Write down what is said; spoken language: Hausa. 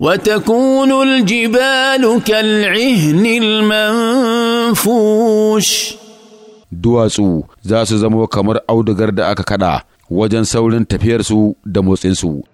وتكون الجبال كالعهن المنفوش duwatsu za su zamo kamar audugar da aka kaɗa wajen saurin tafiyarsu da motsinsu